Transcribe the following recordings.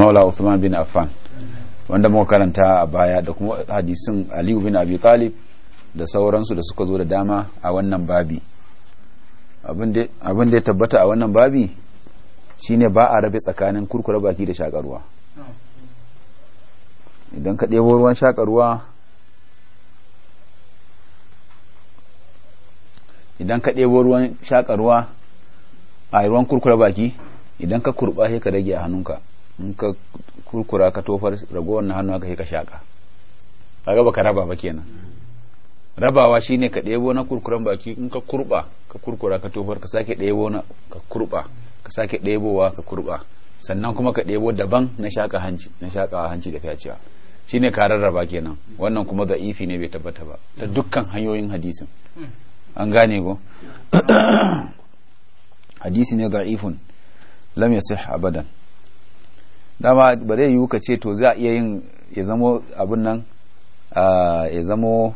maula usman bin Affan wanda muka karanta a baya da kuma hadisin Aliyu bin Abi Talib da sauransu da suka zo da dama a wannan babi abin da ya tabbata a wannan babi shine ba a rabe tsakanin kurkura baki da shakarwa idan ka ɗebo ruwan shakarwa idan ka ɗebo ruwan shakarwa a ruwan kurkura baki idan ka kurba sai ka rage a hannunka in ka kurkura ka tofar ragowar na hannu aka ka shaka gaba ka raba ba kenan rabawa shine ka ɗebo na kurkuran baki in ka kurba ka kurkura ka tofar ka sake ɗebo na ka kurba ka sake ɗebowa ka kurba sannan kuma ka ɗebo daban na shaka hanci na shaka hanci da shi shine ka rarraba kenan wannan kuma za'ifi ne bai tabbata ba ta dukkan hanyoyin hadisin an gane ko hadisi ne za'ifun lam yasih abadan dama ba zai yiwu ka ce to za iya yin ya zamo abin nan ya zamo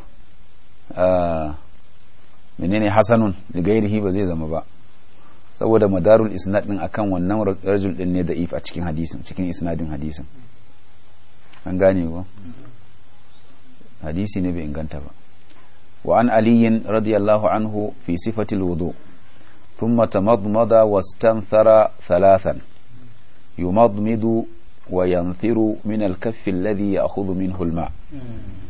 menene hasanun gairihi ba zai zama ba saboda madarul isnad din akan wannan rajul din ne da if a cikin hadisin cikin isnadin hadisin an gane ko hadisi ne bai inganta ba wa an aliyin radiyallahu anhu fi sifatil wudu thumma tamadmada wastanthara thalathan يمضمض وينثر من الكف الذي يأخذ منه الماء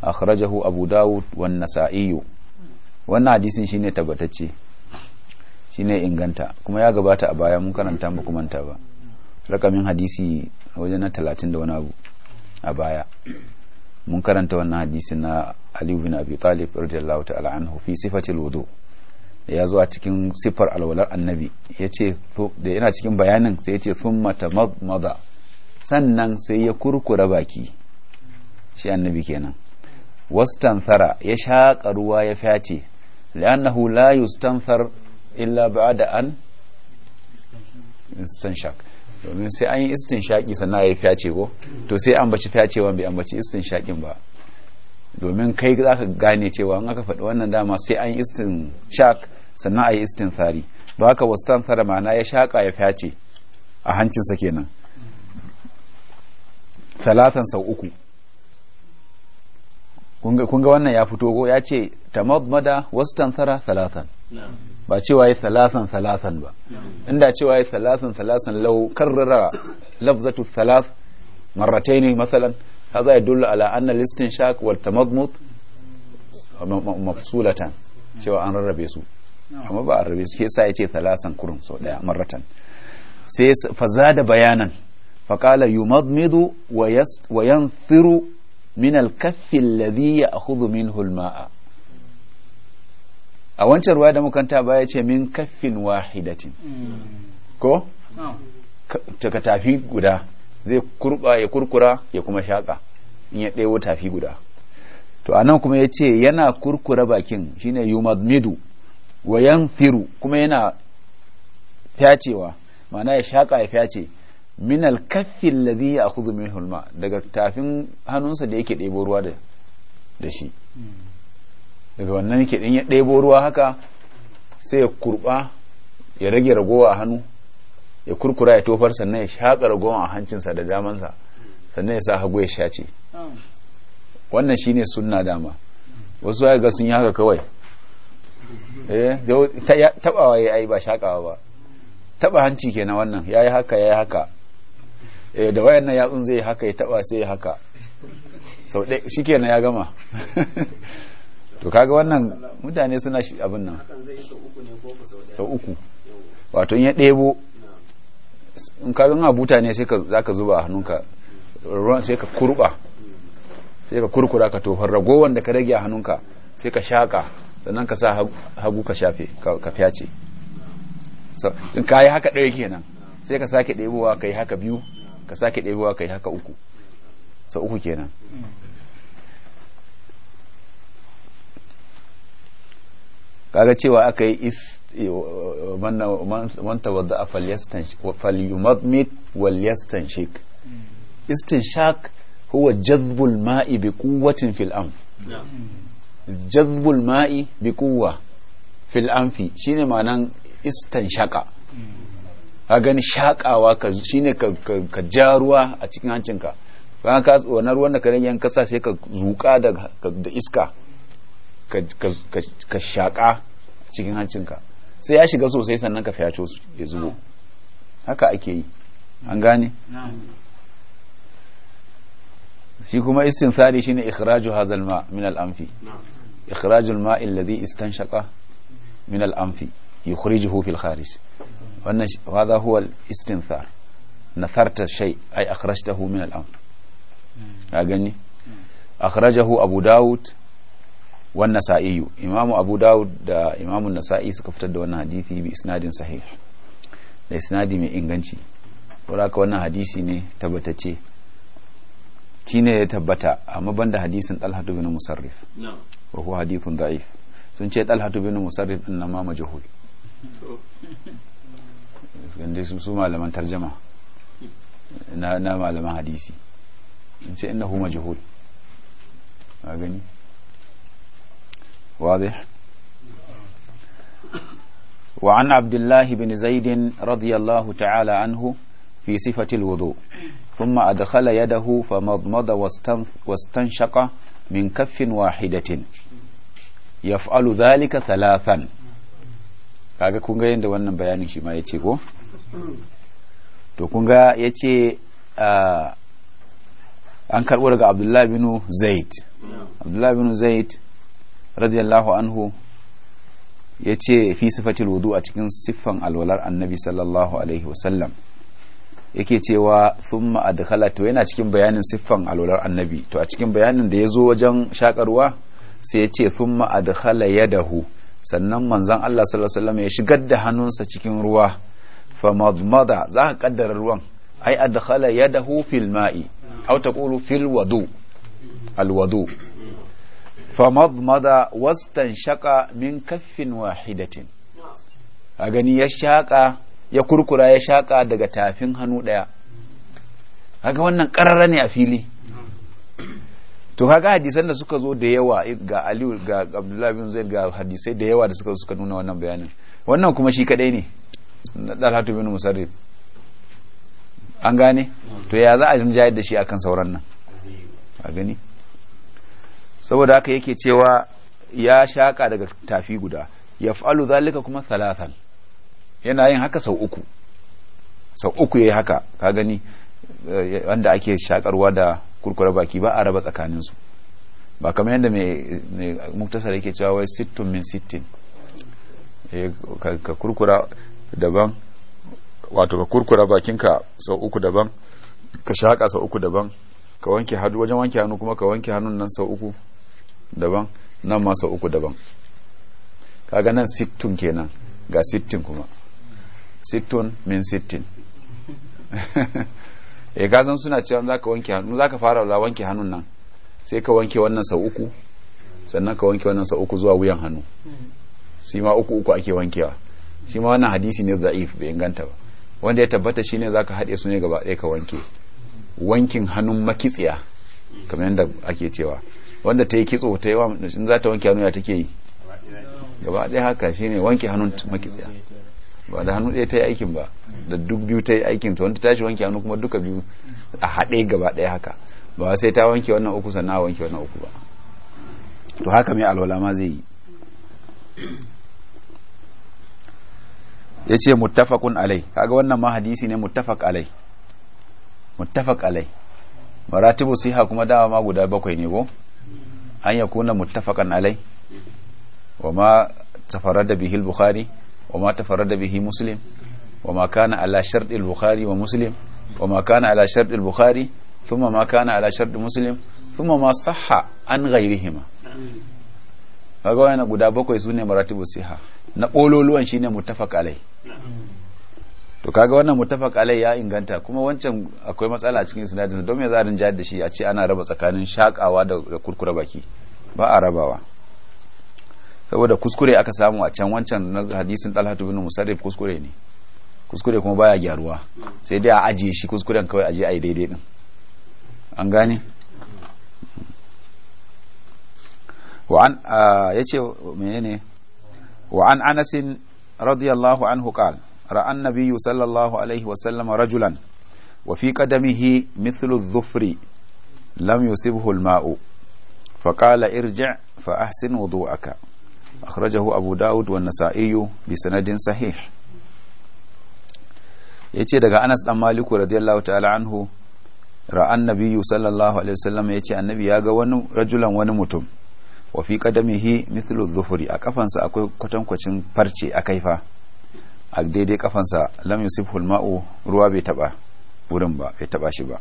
أخرجه أبو داود والنسائي wannan hadisin shine tabbatacce shine inganta kuma ya gabata a baya mun karanta mu kumanta ba rakamin hadisi wajen na talatin da wani abu a baya mun karanta wannan hadisi na Ali bin Abi Talib radiyallahu ta'ala anhu fi sifatil wudu' ya zo a cikin siffar alwalar annabi ya ce da yana cikin bayanin sai ya ce sun mata maza sannan sai ya kurkura baki shi annabi kenan wastanthara ya shaƙa ruwa ya fyace li'annahu la yustanthar illa ba'da an istinshaq domin sai an yi istinshaqi sannan ya fyace ko to sai an baci fyacewa bai istin istinshaqin ba domin kai za ka gane cewa in aka faɗi wannan dama sai an istin shak sannan a yi istin tsari Ba haka wastan tsara ma'ana ya shaƙa ya fyace a hancinsa kenan talatan sau uku kun ga wannan ya fito ko ya ce ta tamadmada wastan tsara talatan ba cewa yi salasan salasan ba inda cewa yi salasan salasan lau karrara lafzatu salas ne masalan هذا يدل على أن الاستنشاق والتمضمض مفصولتان cewa an rarrabe su amma ba a rarrabe su ke sa ya ce talasan kurun sau daya marratan sai faza da bayanan faƙala yu madmidu wa yan thiru min alkafin ladhi ya akhudhu min hulma'a a wancan ruwa da mukanta ba ya ce min kaffin wahidatin ko taka tafi guda zai kurba ya kurkura ya kuma shaka in ya ɗewo tafi guda to a nan kuma ya ce yana kurkura bakin shine yumadmidu wa firu. kuma yana fyacewa mana ya shaka ya fyace min lazi ya ya'khudhu minhu hulma daga tafin hannunsa da yake ɗebo ruwa da shi daga wannan yake ɗin ya ɗebo ruwa haka sai ya kurba ya rage ragowa a hannu ya kurkura ya tofar sannan ya shaƙa goma a hancinsa da damansa sannan ya sa hagu ya shace wannan shine sunna dama wasu ya ga sun yi haka kawai eh, taɓawa tabawa ya yi ba shaƙawa ba taba hanci na wannan ya yi haka ya yi haka eh, da wayan nan yatsun zai haka ya taba sai ya haka sau ɗaya shi na ya gama to kaga wannan mutane suna abin nan sau uku wato ya ɗebo in ka zama buta ne sai za ka zuba a hannunka ruwan sai ka kurba sai ka kurkura ka tofar ragowar da ka rage a hannunka sai ka shaƙa sannan ka sa hagu ka shafe ka fyace in ka yi haka ɗaya kenan sai ka sake ɗebowa ka yi haka biyu ka sake ɗebowa ka yi haka uku sau uku kenan kaga cewa aka yi is man tawadda falyumadmid wal yastanshik istinshak huwa jazbul ma'i bi quwwatin fil anf jazbul ma'i bi quwwa fil anfi shine ma'anan istanshaka ka gani shakawa ka shine ka ja ruwa a cikin hancinka ran ka wannan ruwan da ka rage kasa sai ka zuka da iska ka shaka cikin hancinka sai ya shiga sosai sannan ka fyaco su ya zubo haka ake yi an gane shi kuma istinthari shine ikhraju hadha alma min al-anfi ikhraju alma alladhi istanshaqa min al-anfi yukhrijuhu fil kharij wannan hadha huwa al-istinthar natharta shay ay akhrajtahu min al-anf ka gani akhrajahu abu daud wan nasa'i imamu abu dawud da imamu nasa'i suka fitar da wannan hadisi bi isnadin sahih da isnadi mai inganci ka wannan hadisi ne tabbatacce shi ne ya tabbata amma banda hadisin talhatu bin musarrif wa huwa hadithun da'if sun ce talhatu bin musarrif din nan ma majhul su su malaman tarjama na malaman hadisi sun ce innahu majhul ga gani واضح وعن عبد الله بن زيد رضي الله تعالى عنه في صفة الوضوء ثم أدخل يده فمضمض واستنشق من كف واحدة يفعل ذلك ثلاثا kaga kun ga yadda wannan bayanin shi ma ya ce ko to kun ga ya ce an karɓo daga abdullahi bin zaid abdullahi bin zaid radiyallahu anhu ya ce fi sifatil wudu a cikin siffan alwalar annabi sallallahu alaihi wasallam yake cewa sun ma'adakala to yana cikin bayanin siffan alwalar annabi to a cikin bayanin da ya zo wajen shakarwa sai ya ce sun ya dahu sannan manzan Allah sallallahu alaihi wasallam ya shigar da hannunsa cikin ruwa fa za ka kaddara ruwan ai adkhala ya fil ma'i aw taqulu fil al famadmada wastan shaka min kaffin wahidatin a gani ya shaƙa ya kurkura ya shaƙa daga tafin hannu ɗaya haka wannan ƙarara ne a fili to kaga hadisan da suka zo da yawa ga aliyu ga Abdullah bin zaid ga hadisai da yawa da suka suka nuna wannan bayanin wannan kuma shi kadai ne na dalhatu bin musarri an gane to ya za a jayar da shi akan sauran nan a gani saboda haka yake cewa ya shaƙa daga tafi guda ya fa'alu zalika kuma salatan yana yin haka sau uku sau uku ya yi haka ka gani eh, wanda ake shakarwa da kurkure baki ba a raba tsakaninsu ba kamar yadda mai muktasar yake cewa wai sittin min sittin eh, ka kurkura daban wato ka kurkura bakinka sau uku daban ka shaƙa sau uku daban ka wanke hannu wajen wanke hannu kuma ka wanke hannun nan sau uku daban nan ma sau uku daban kaga nan sittun kenan ga sittin kuma sittun min sittin e eh, gazan suna cewa za ka wanke hannu za ka fara la wanke hannun nan sai ka wanke wannan sau uku sannan ka wanke wannan sau uku zuwa wuyan hannu shi ma uku uku ake wankewa shi ma wannan hadisi ne za'if bai inganta ba wanda ya tabbata shine ka haɗe su ne gaba ɗaya ka wanke wankin hannun makitsiya kamar yadda ake cewa wanda ta yi kitso ta yi wa in za ta wanke hannu ya take yi gaba ɗaya haka ne wanke hannun makitsiya ba da hannu ɗaya ta yi aikin ba da duk biyu ta yi aikin ta wanda tashi wanke hannu kuma duka biyu a haɗe gaba ɗaya haka ba sai ta wanke wannan uku sannan a wanke wannan uku ba to haka mai alwala ma zai yi ya ce muttafaqun alai kaga wannan ma hadisi ne muttafaq alai muttafaq alai maratibu siha kuma dama ma guda bakwai ne ko an yakuna muttafaqan alai wa ma tafarrada bihi al-bukhari wa ma tafarrada bihi muslim wa ma kana ala shart al-bukhari wa muslim wa ma kana ala shart al-bukhari thumma ma kana ala shart muslim thumma ma sahha an ghayrihima kaga wannan guda bakwai sune maratibu siha na bololuwan shine muttafaq alai to kaga wannan mutafaq alai ya inganta kuma wancan akwai matsala a cikin sinadin don me za a rinja da shi a ce ana raba tsakanin shakawa da kurkura baki ba a rabawa saboda kuskure aka samu a can wancan na hadisin talhatu bin musarrif kuskure ne kuskure kuma baya gyaruwa sai dai a ajiye shi kuskuren kawai aje ai daidai din an gane wa an yace menene wa an anas radiyallahu anhu qala ra'an nabiyu sallallahu alaihi wa sallam rajulan wa fi qadamihi mithlu dhufri lam yusibhu al-ma'u فقال ارجع فأحسن وضوءك أخرجه أبو داود والنسائي بسند صحيح yace daga Anas dan Maliku radiyallahu ta'ala anhu ra'an nabiyyu sallallahu alaihi wasallam yace annabi ya ga wani rajulan wani mutum wa fi qadamihi mithlu a kafansa akwai kwatankwacin farce a kaifa a daidai kafansa lam yusuf hulma'u ruwa bai taba wurin ba bai taba shi ba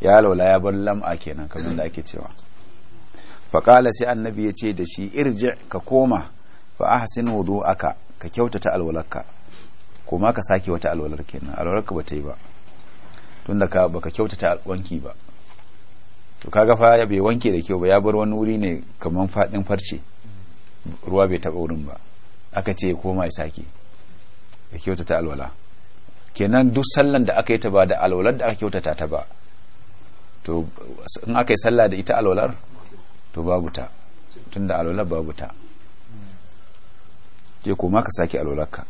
ya laula ya bar lam a kenan kamar da ake cewa faƙala sai annabi ya ce da shi irji ka koma fa ahsin aka ka kyautata alwalarka kuma ka sake wata alwalar kenan alwalarka ba ta yi ba tunda ka baka kyautata wanki ba to kaga fa ya bai wanke da kyau ba ya bar wani wuri ne kamar fadin farce ruwa bai taba wurin ba aka ce koma ya sake ya kyautata alwala kenan duk sallan da aka yi ta ba da alwalar da aka kyautata ta ba to in aka yi salla da ita alwalar to babu ta tunda alwalar babu ta ke kuma ka sake alwalarka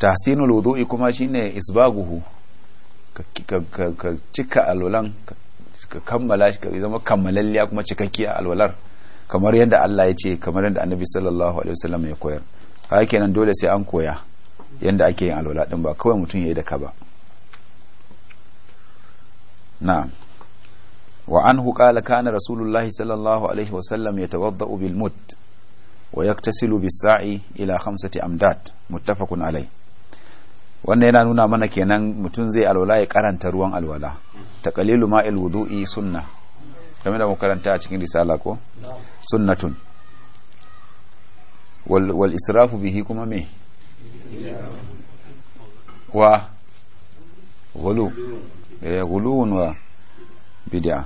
tahsinul wudu'i kuma shine isbaguhu ka cika alwalan ka kammala shi ka zama kammalalliya kuma cikakkiya alwalar kamar yadda Allah ya ce kamar yadda Annabi sallallahu alaihi wasallam ya koyar haka kenan dole sai an koya yanda ake yin alwala din ba kawai mutum ya yi daka ba na'am wa anhu qala kana rasulullahi sallallahu alaihi wa sallam yatawaddau bil mud wa yaktasilu bis sa'i ila khamsati amdat muttafaqun alai wannan yana nuna mana kenan mutum zai alwala ya karanta ruwan alwala taqalilu ma'il wudu'i sunna kamar da karanta a cikin risala ko sunnatun wal israfu bihi kuma me wa غلو غلو و wa bid'a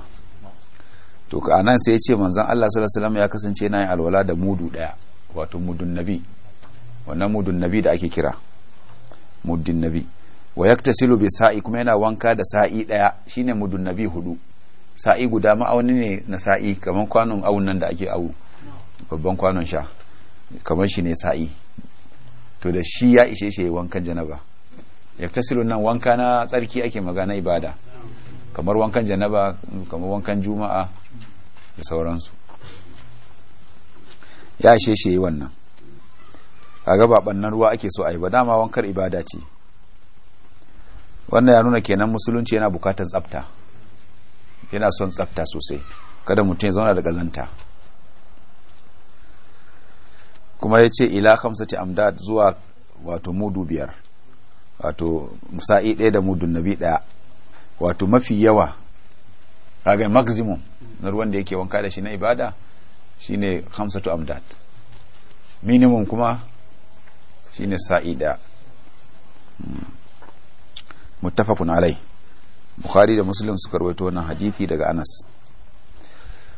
to anan sai ya ce manzon Allah sallallahu alaihi wasallam ya kasance yana yin alwala da mudu daya wato mudun nabi wannan mudun nabi da ake kira mudun nabi wa yaktasilu bi sa'i kuma yana wanka da sa'i daya shine mudun nabi hudu sa'i guda ma'auni ne na sa'i kaman kwanon aunan da ake awu babban kwanon sha kamar shi ne sa'i to da shi ya ishe shi wankan janaba ya tasirin nan wanka na tsarki ake magana ibada kamar wankan janaba kamar wankan juma'a da sauransu ya ishe shi wannan kaga ba bannan ruwa ake so a yi ba dama wankar ibada ce wannan ya nuna kenan musulunci yana bukatar tsafta yana son tsafta sosai kada mutum ya zauna da ƙazanta kuma ya ce ila hamsati amdad zuwa wato mudu biyar wato musa'i ɗaya da mudun nabi ɗaya wato mafi yawa kaga maximum na ruwan da yake wanka da shi na ibada shine hamsatu amdad minimum kuma shine sa'i ɗaya muttafaqun alai bukhari da muslim suka rawaito wannan hadisi daga anas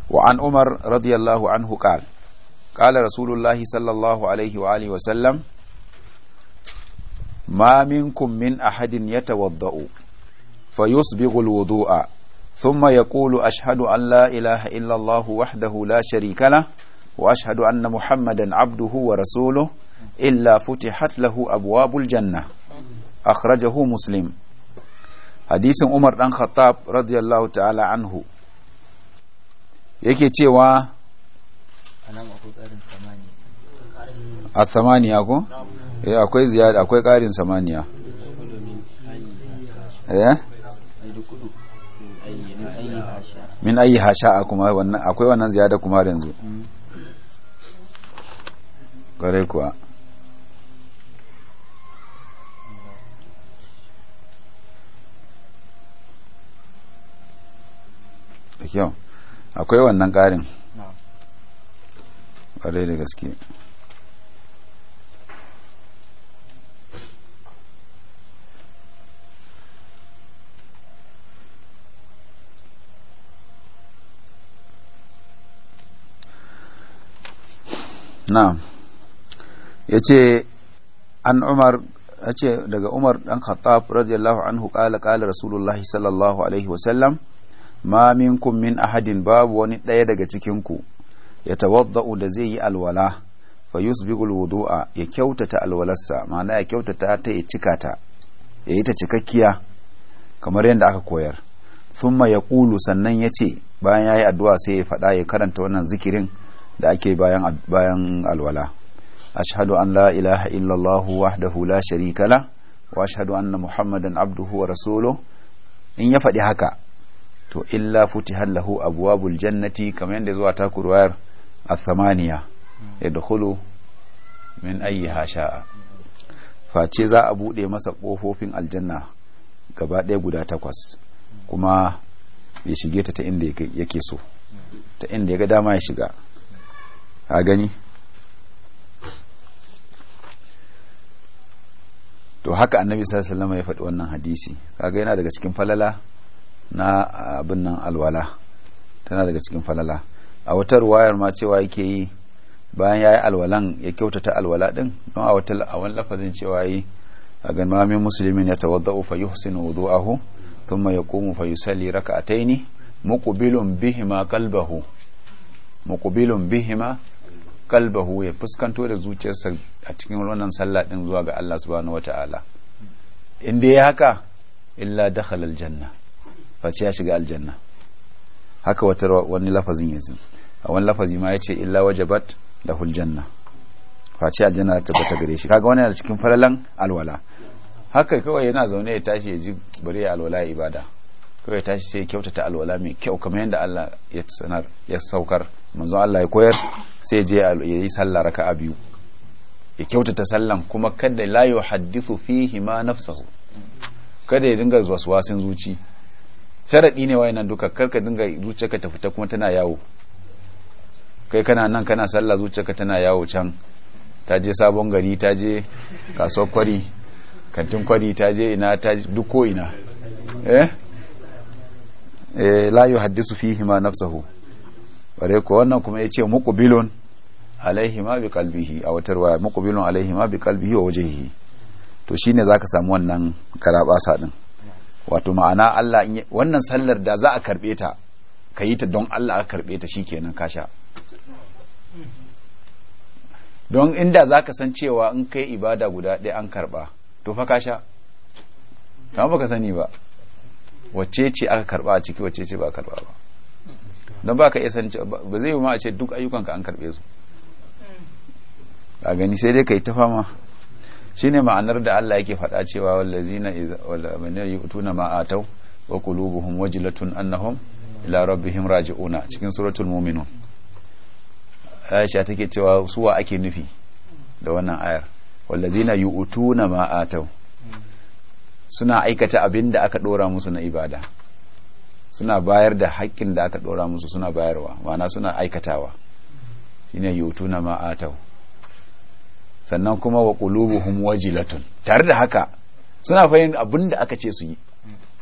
wa an umar radiyallahu anhu qala قال رسول الله صلى الله عليه وآله وسلم ما منكم من أحد يتوضأ فيصبغ الوضوء ثم يقول أشهد أن لا إله إلا الله وحده لا شريك له وأشهد أن محمدا عبده ورسوله إلا فتحت له أبواب الجنة أخرجه مسلم حديث عمر بن خطاب رضي الله تعالى عنه yake cewa a samaniya ko? Eh, akwai ziyara akwai karin samaniya eh? min ayi hasha kuma wannan akwai wannan ziyada kuma yanzu kare kuwa akwai wannan karin kwarai da gaske na'am ya ce an umar ya ce daga umar dan khattab radiyallahu anhu kala kala rasulullah sallallahu alaihi wasallam ma minkum min ahadin babu wani ɗaya daga cikinku ya tawadda da zai yi alwala fa yusbighul wudu'a ya kyautata alwalarsa ma'ana ya kyautata ta ya cika ta ya yi ta cikakkiya kamar yadda aka koyar thumma yaqulu sannan ya ce bayan yayi addu'a sai ya faɗa ya karanta wannan zikirin da ake bayan bayan alwala ashhadu an la ilaha illallah wahdahu la sharika la wa ashhadu anna muhammadan abduhu wa rasuluhu in ya faɗi haka to illa futihan lahu abwabul jannati kamar yadda zuwa takurwayar a samaniya athamaniya yadkhulu min ayyiha sha'a face za a bude masa kofofin aljanna gaba ɗaya guda takwas kuma ya shige ta ta inda yake so ta inda ya ga dama ya shiga a gani to haka annabi sallallahu ya faɗi wannan hadisi kaga yana daga cikin falala na abin nan alwala tana daga cikin falala a wata ruwayar ma cewa yake yi bayan ya yi alwalan ya kyautata alwala din don a wata a wani lafazin cewa yi a ganmamin musulmin ya tawadda'u fa yuhsinu wudu'ahu thumma yaqumu fa yusalli rak'ataini muqbilun bihima qalbahu muqbilun bihima qalbahu ya fuskanto da zuciyarsa a cikin wannan sallah din zuwa ga Allah subhanahu wata'ala in dai haka illa dakhala aljanna fa ya shiga aljanna haka wata wani lafazin yanzu a wani lafazi ma ya ce illa waje wajabat da huljanna face aljanna ta bata gare shi kaga da cikin falalan alwala haka kawai yana zaune ya tashi ya ji bari ya alwala ya ibada kawai ya tashi sai ya kyautata alwala mai kyau kamar yadda Allah ya sanar ya saukar manzon Allah ya koyar sai ya je ya yi sallah raka'a biyu ya kyautata sallan kuma kada la yuhaddithu fihi ma nafsuhu kada ya dinga waswasin zuci sharadi ne wayannan duka karka dinga zuciyarka ta fita kuma tana yawo kai kana nan kana sallah zuciyarka tana yawo can ta je sabon gari ta je kasuwar kwari kantin kwari ta je ina ta duk ko ina eh eh la yuhaddisu fihi ma nafsuhu bare ko wannan kuma yace muqbilun alaihi ma bi qalbihi a wata waya muqbilun alaihi ma bi qalbihi wa wajhihi to shine zaka samu wannan sa din wato ma'ana Allah wannan sallar da za a karbe ta kayi ta don Allah aka karbe ta shikenan kasha don inda za ka san cewa in kai ibada guda ɗaya an karɓa to fa ka sha kama baka sani ba wacce ce aka karɓa a ciki wacce ce ba karɓa ba don ba ka iya san ba zai yi ma a ce duk ayyukanka an karɓe su a gani sai dai ka yi ta fama shi ne ma'anar da Allah yake faɗa cewa wallazina wallamina yi ma ma'atau wa kulubuhun wajilatun annahum ila rabbihim raji'una cikin suratul mu'minun aisha take cewa suwa ake nufi da wannan ayar wallazina yu'tuna ma atau suna aikata abin da aka dora musu na ibada suna bayar da haƙƙin da aka dora musu suna bayarwa ma'ana suna aikatawa shine yu'tuna ma atau sannan kuma wa qulubuhum wajilatun tare da haka suna fahimta abin da aka ce su yi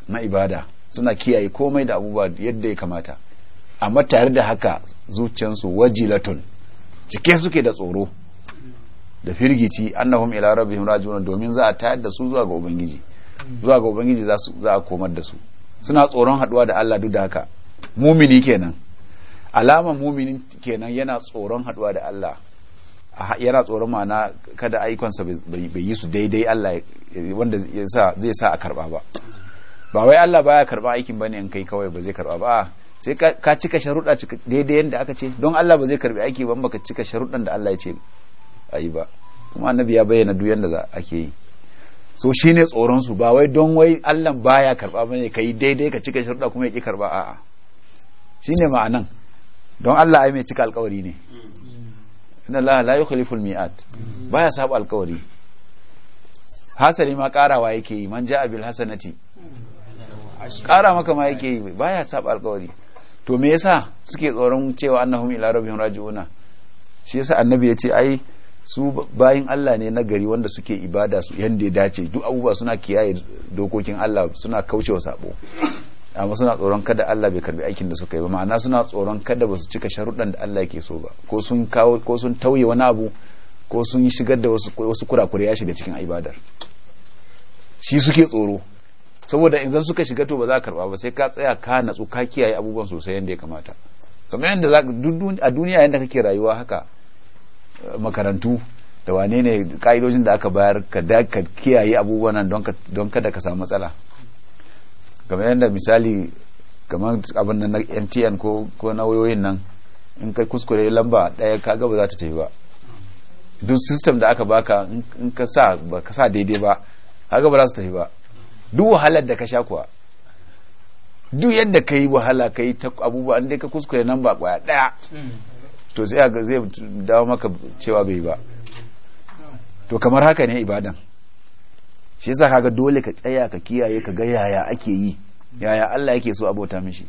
na ibada suna kiyaye komai da abubuwa yadda ya kamata amma tare da haka zuciyarsu wajilatun cike suke da tsoro da firgici annahum ila rabbihim raji'un domin za a tayar da su zuwa ga ubangiji zuwa ga ubangiji za za a komar da su suna tsoron haduwa da Allah duk da haka mumini kenan alama mumini kenan yana tsoron haduwa da Allah yana tsoron mana kada aikonsa bai yi su daidai Allah wanda zai sa a karba ba ba wai Allah baya karba aikin bane in kai kawai ba zai karba ba sai ka cika sharuɗa daidai yadda aka ce don Allah ba zai karbi aiki ba baka cika sharuɗan da Allah ya ce a yi ba kuma annabi ya bayyana duk yadda za ake yi so shi tsoron su ba wai don wai Allah baya ne ka yi daidai ka cika sharuɗa kuma ya a a a'a shine ma'anan don Allah ai mai cika alkawari ne inna Allah la yukhliful mi'at baya sabu alƙawari hasali ma karawa yake yi man ja'a bil hasanati kara maka ma yake yi baya sabu alkawari to me yasa suke tsoron cewa annahum ila rabbihim raji'una shi yasa annabi ya ce ai su bayin Allah ne na gari wanda suke ibada su yanda ya dace duk abubuwa suna kiyaye dokokin Allah suna kaucewa sabo amma suna tsoron kada Allah bai karbi aikin da suka yi ba ma'ana suna tsoron kada ba su cika sharuɗan da Allah yake so ba ko sun kawo ko sun tauye wani abu ko sun shigar da wasu wasu kurakurai ya shiga cikin ibadar shi suke tsoro saboda idan suka shiga to ba za ka karba ba sai ka tsaya ka natsu ka kiyaye abubuwan sosai yadda ya kamata kamar yadda za a duniya yadda kake rayuwa haka eh, makarantu da wane ne ka'idojin da aka bayar ka da ka kiyaye abubuwan nan don kada ka samu matsala kamar yadda misali kamar abin nan na mtn ko ko na wayoyin nan in kai kuskure lamba daya ka ga ba za ta tafi ba duk system da aka baka in ka sa ba ka sa daidai ba haka ba za su tafi ba duk wahalar da ka sha kuwa duk yadda ka yi wahala ka yi abubuwa dai ka kuskure nan ba kwaya daya to sai ga zai dawo maka cewa bai ba to kamar haka ne ibadan shi yasa kaga dole ka tsaya ka kiyaye ka ga yaya ake yi yaya Allah yake so abota mishi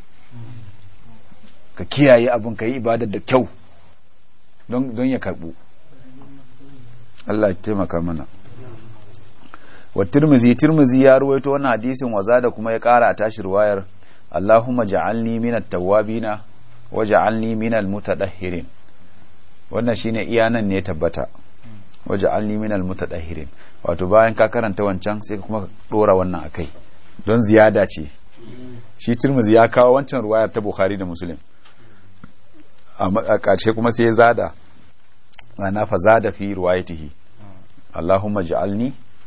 ka kiyaye abin ka yi ibadar da kyau don ya karbu Allah ya taimaka mana wa tirmizi tirmizi ya ruwaito wannan hadisin waza da kuma ya kara a tashi ruwayar Allahumma ja'alni minat tawwabina wa ja'alni minal mutadahhirin wannan shine iya nan ne tabbata wa ja'alni minal mutadahhirin wato bayan ka karanta wancan sai kuma ka dora wannan akai don ziyada ce shi tirmizi ya kawo wancan ruwayar ta bukhari da muslim a ƙarshe kuma sai zada ana fa zada fi ruwayatihi Allahumma ja'alni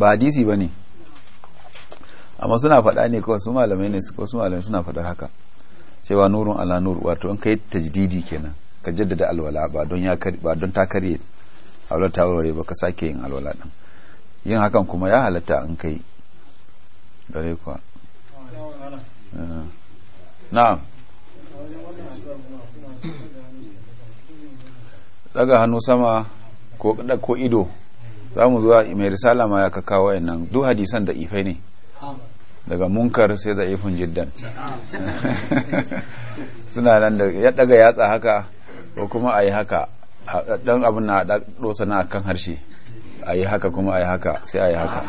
ba hadisi ba ne amma suna faɗa ne kawai su malamai ne su malamai suna faɗa haka cewa nurun ala nur wato an kai tajdidi kenan ka jaddada alwala ba don ya ba don ta karye alwala ta warware ba ka sake yin alwala din yin hakan kuma ya halatta an kai gare kuwa eh. na'am daga hannu sama ko ko ido za mu zuwa mai risala ma ya kaka wayannan duk hadisan da ifai ne daga munkar sai da ifin jiddan suna nan da ya daga yatsa haka ko kuma a yi haka dan abin na dosa na kan harshe a yi haka kuma a yi haka sai a yi haka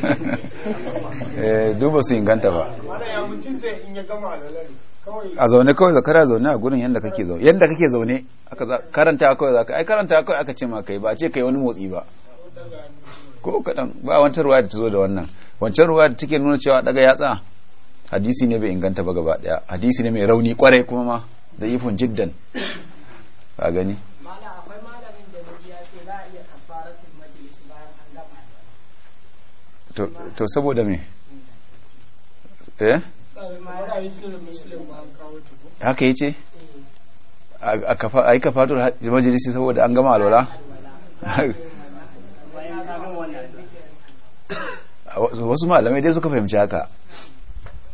eh, duba su inganta ba a zaune kawai za kana zaune a gurin yanda kake zaune yanda kake zaune aka karanta kawai za ka ai karanta kawai aka ce ma kai ba a ce kai wani motsi ba ko kadan ba wancan ruwa da ta zo da wannan wancan ruwa da take nuna cewa daga yatsa hadisi ne bai inganta ba gaba daya hadisi ne mai rauni kwarai kuma ma da ifin jiddan a gani to saboda me eh haka ya ce a yi kafatar majalisi saboda an gama alwala wasu malamai dai suka fahimci haka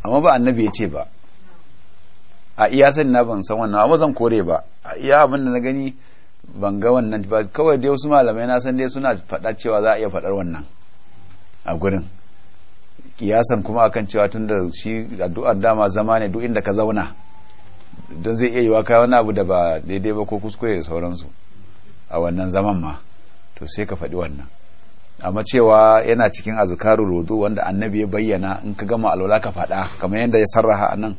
amma ba annabi ya ce ba a iya sani na ban san wannan amma zan kore ba a iya abin da na gani ban ga wannan ba kawai dai wasu malamai na san dai suna faɗa cewa za a iya faɗar wannan a gurin kiyasan kuma akan cewa tun da shi addu'ar dama zama ne duk inda ka zauna don zai iya yi wa kai wani abu da ba daidai ba ko kuskure da sauransu a wannan zaman ma to sai ka faɗi wannan amma cewa yana cikin azkarul wudu wanda annabi ya bayyana in ka gama alwala ka faɗa kamar yadda ya sarraha anan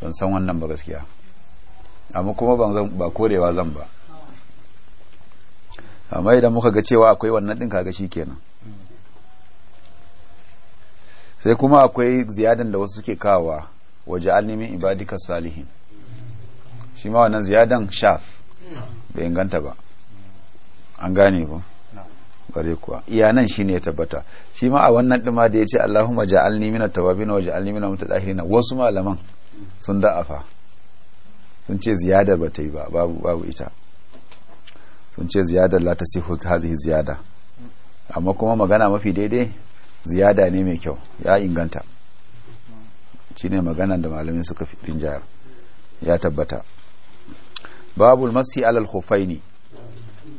ban san wannan ba gaskiya amma kuma ba korewa zan ba amma idan muka ga cewa akwai wannan din kaga kenan sai kuma akwai ziyadan da wasu suke kawa waje alimin ibadika salihin shi ma wannan ziyadan shaf bai inganta ba an gane ba bare kuwa iyanan shi ne ya tabbata shi ma a wannan dima da ya ce Allahumma tawabi na waje wa ja'alni mina mutadahirina wasu malaman sun da'afa sun ce ziyada ba ta yi ba babu babu ita sun ce ziyada la tasihu hadhihi ziyada amma kuma magana mafi daidai ziyada ne mai kyau ya inganta Shi ne maganan da malamin suka fi rinjayar ya tabbata Babu masi alal ne.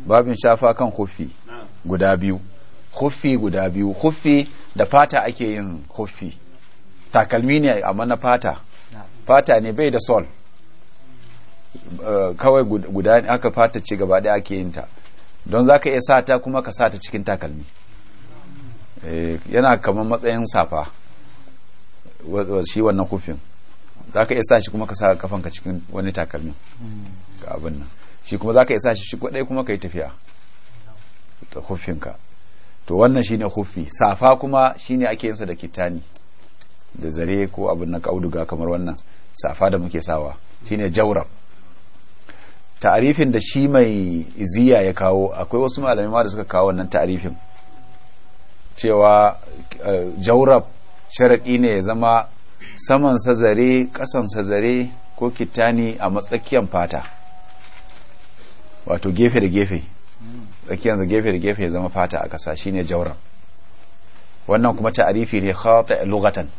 babin shafa kan hufi guda biyu Huffi guda biyu hufi da fata ake yin hufi. takalmi ne amma na fata fata ne bai da sol eh, kawai guda aka fata ci gaba ɗaya ake yin ta don ka iya sata kuma ka sata cikin takalmi Eh, yana kamar matsayin safa shi wannan kufin za ka iya sa shi kuma ka sa kafanka cikin wani takalmin ga abin nan shi kuma za ka iya sa shi shi kuma ka yi tafiya da kufinka to wannan shine kufi safa kuma shine ake yinsa da kitani da zare ko abin na kauduga kamar wannan safa da muke sawa shine jawrab ta'arifin da shi mai iziya ya kawo akwai wasu malamai ma da suka kawo wannan ta'arifin cewa eh, jaurab sharaɗi ne ya zama saman zare sa zare ko kitani a matsakiyar fata wato gefe da gefe tsakiyansa gefe da gefe ya zama fata a ƙasa shine jaurab wannan kuma ta'arifi ne khata lugatan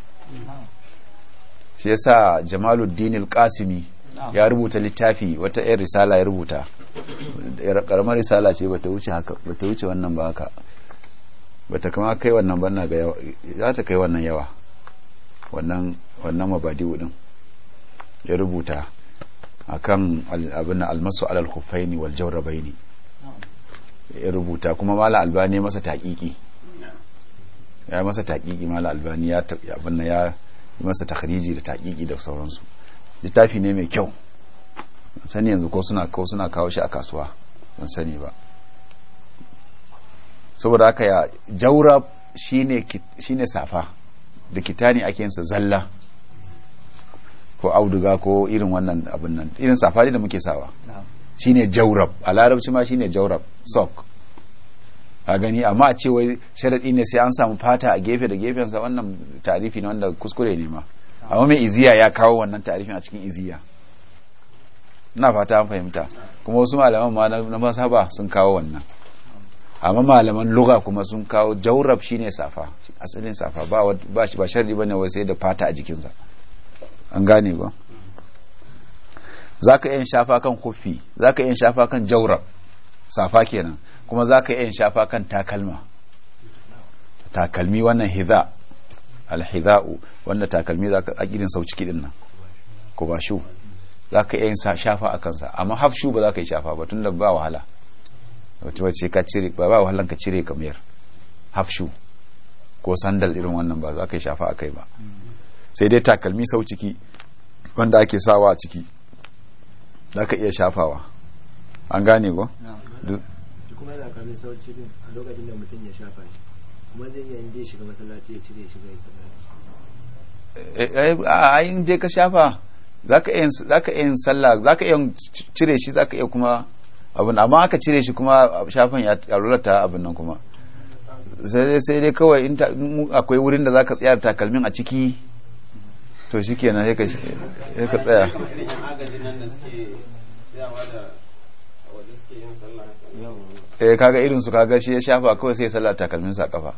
shi yasa Jamaluddin alqasimi ya rubuta littafi wata yar risala ya rubuta karamar risala ce bata wuce haka bata wuce wannan ba haka bata kama kai wannan banna ga yawa za ta kai wannan yawa wannan wannan mabadi din ya rubuta akan abin almasu alal khuffaini wal jawrabaini ya rubuta kuma mala albani masa taqiqi ya masa taqiqi mala albani ya abin ya masa takhriji da taqiqi da sauransu littafi ne mai kyau sani yanzu ko suna ko suna kawo shi a kasuwa ban sani ba saboda haka ya jaura shi ne safa da kitani ake yin zalla ko auduga ko irin wannan abin nan irin safa da muke sawa ne jaurab a larabci ma shi ne jaurab sok a gani amma a cewa sharaɗi ne sai an samu fata a gefe da gefen sa wannan tarifi ne wanda kuskure ne ma amma mai iziya ya kawo wannan tarifin a cikin iziya ina fata an fahimta kuma wasu malaman ma na masaba sun kawo wannan amma malaman luga kuma sun kawo jaurab shine safa asalin safa ba ba shi ba sharri bane wai sai da fata a jikinsa an gane ba zaka yin shafa kan kuffi zaka yin shafa kan jaurab safa kenan kuma zaka yin shafa kan takalma takalmi wannan hiza alhiza'u wanda takalmi zaka akirin sau ciki din nan ko ba shu zaka yin shafa akan sa amma hafshu ba zaka yi shafa ba tunda ba wahala wace wace ka cire ba ba wahalan ka cire ka mayar hafshu ko sandal irin wannan ba za ka shafa akai ba sai dai takalmi sau ciki wanda ake sawa a ciki za ka iya shafawa an gane ba kuma da kamin sau cikin a lokacin da mutum ya shafa shi, kuma zai iya inda shiga masallaci ya cire shiga ya sallaci a in je ka shafa za ka iya sallah za ka iya cire shi za ka iya kuma abin amma aka cire shi kuma shafin ya alula abin nan kuma sai dai kawai in akwai wurin da zaka tsaya takalmin a ciki to shi kenan sai ka tsaya eh kaga irin su kaga shi ya shafa kawai sai sallah takalmin sa kafa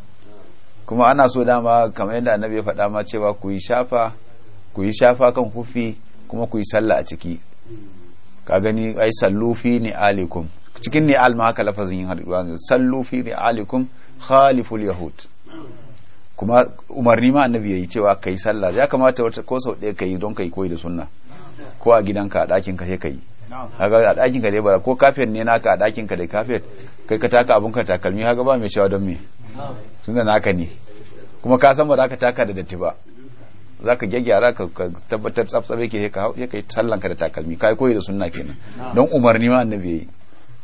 kuma ana so dama kamar yadda annabi ya faɗa ma cewa ku yi shafa ku yi shafa kan kufi kuma ku yi sallah a ciki ka gani ai sallu fi alikum cikin ni'al ma haka lafazin yin haɗuwa sallu fi alikum khaliful yahud kuma umarni ma annabi yayi cewa kai sallah ya kamata wata ko sau ɗaya kai don kai koyi da sunna ko a gidanka a ɗakin ka sai kai kaga a ɗakin ka dai bara ko kafet ne naka a ɗakin ka dai kafet kai ka taka abun ka takalmi kaga ba mai cewa don me sunna naka ne kuma ka san ba za ka taka da datti ba za ka gyaggyara ka tabbatar tsaftsaf yake ya kai sallanka da takalmi ka yi koyi da sunna kenan don umarni ma annabi yayi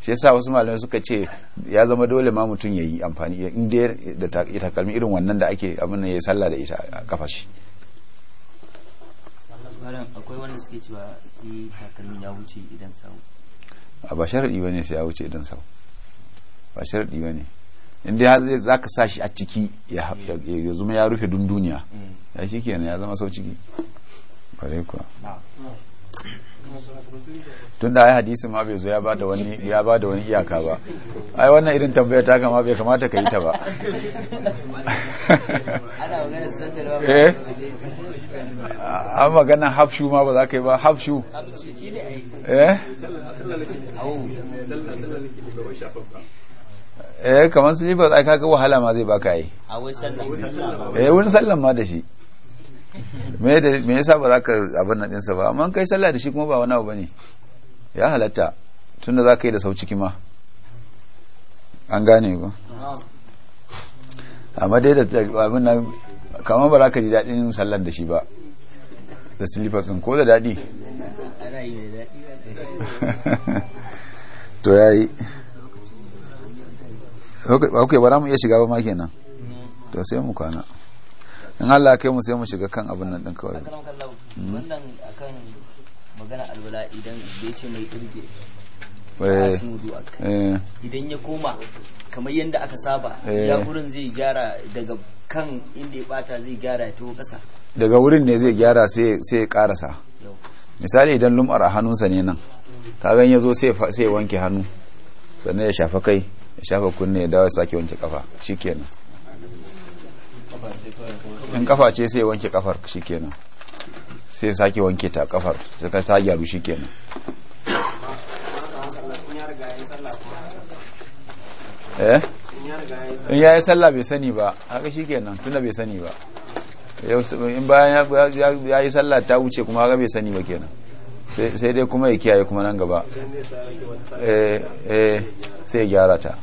shi yasa wasu malamai suka ce ya zama dole ma mutum ya yi amfani in da takalmi irin wannan da ake abin ya yi sallah da ita a kafa shi akwai wanda suke cewa shi takalmi ya wuce idan sau a ba sharaɗi ne sai ya wuce idan sau ba sharaɗi ne inda har zai zaka sa shi a ciki ya zuma ya rufe duniya mm. ya shi kenan ya zama sau ciki bare kuwa tun da ai hadisin ma bai zo ya bada wani ya bada wani iyaka ba ai wannan irin tambaya ta kama bai kamata ka yi ta ba eh an magana hafshu ma ba za ka yi ba hafshu eh eh kamar su jifar ai kaga wahala ma zai baka yi a wurin sallan eh, ma da shi me yasa ba za ka abin nan ɗinsa ba amma kai sallah da shi kuma ba wani abu bane ya halatta tun da za ka yi da sau ciki ma an gane ku amma dai da abin nan kamar ba za ka ji daɗin sallar da shi ba da silifas ko da daɗi to ya yi ok ba mu iya shiga ba ma kenan to sai mu kwana in Allah kai mu sai mu shiga kan abin nan din kawai wannan akan magana alwala idan bai ce mai irge eh, eh. idan ya koma kamar yadda aka saba eh. ya gurin zai gyara daga kan inda ya bata zai gyara ya taho kasa daga wurin ne zai gyara sai ya karasa misali idan lumar a hannunsa ne nan kagan ya zo sai wanke hannu sannan ya shafa kai ya shafa kunne ya dawo sake wanke kafa shikenan in kafa ce sai wanke kafar shikenan sai sake wanke ta kafar sai ka ta gyaru shikenan eh in ya yi sallah bai sani ba haka shikenan tunda bai sani ba in bayan ya yi sallah ta wuce kuma haka bai sani ba kenan sai dai kuma ya kiyaye kuma nan gaba eh eh sai gyara ta